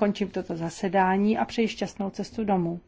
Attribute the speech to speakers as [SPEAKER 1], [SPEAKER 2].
[SPEAKER 1] Končím toto zasedání a přeji šťastnou cestu domů.